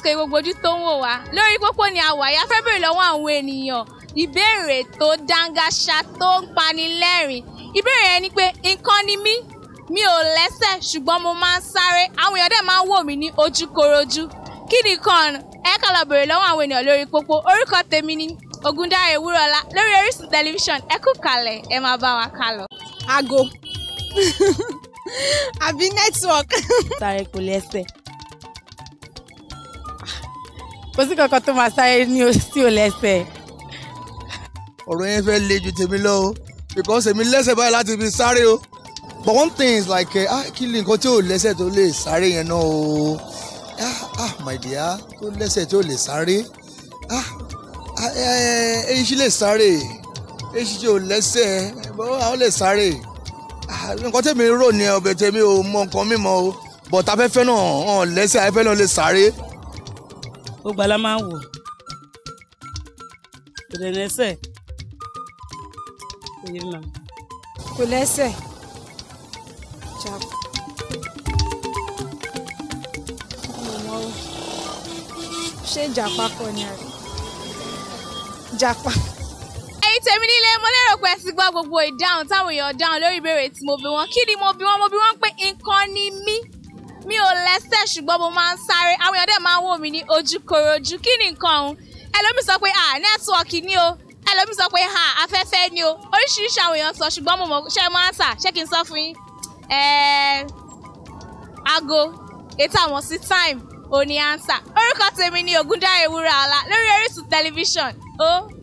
àsìkò ìgbogbo ojú tó ń wò wá lórí pópó ni a wà bèrè lọ́wọ́ àwọn ènìyàn ìbéèrè tó dáńgáṣá tó ń panilẹ́rìn ìbéèrè yẹn ni pé nǹkan ni mí mi ò lẹ́sẹ̀ ṣùgbọ́n mo máa ń sáré àwọn èèyàn dẹ̀ máa ni kan ẹ kàn lọ bèrè lọ́wọ́ àwọn ènìyàn lórí pópó orúkọ tèmi ni kò sí kankan tó máa sáré ní tí ò lẹ́sẹ̀. ọ̀rọ̀ yẹn fẹ́ le ju tèmi lọ o because èmi lẹ́sẹ̀ báyìí láti fi sáré o but one thing is like eh, ah kí ni nǹkan tí ò lẹ́sẹ̀ tó lè sáré yẹn náà o ah, ah my dear tó lẹ́sẹ̀ tí lè sáré ah èyí ah, eh, eh, sì lè sáré èyí sì ò lẹ́sẹ̀ àwọn lè sáré ah, nǹkan tèmi rò ní ọbẹ̀ tèmi ò mọ nǹkan mímọ́ o but afẹ́fẹ́ náà lẹ́sẹ̀ afẹ́fẹ́ náà lè sáré gbogbo àlá máa ń wò kò dẹ̀ lẹ́sẹ̀ kò yé mà. kò lẹ́sẹ̀ jákò. ṣé jàpá kọ́ ni àrè jàpá tèmi nílé mo lérò pé ẹ ti gbọ́ gbogbo ìdáhùn táwọn èèyàn dáhùn lórí ìbéèrè tí mo bi wọ́n kí ni mo bi wọ́n mo bi wọ́n pé nǹkan ni mí lẹ́sẹ̀ ṣùgbọ́n mo máa ń sáré àwọn èèyàn dẹ̀ máa ń wò mí ní ojúkorojú kí ni nǹkan ọ̀hún ẹlòmíì sọ pé à nẹ́tíwọ̀kì ni o ẹlòmíì sọ pé à afẹ́fẹ́ ni o oríṣiríṣi àwọn èèyàn sọ ṣùgbọ́n mo mọ̀ ṣé máa ń sà ṣé kí n sọ fún yín aago ètò àwọn sí time òní ansa orúkọ tèmi ni Ògúndáyé Wúràọlá lórí Orísun tẹlifíṣàn ó. Oh.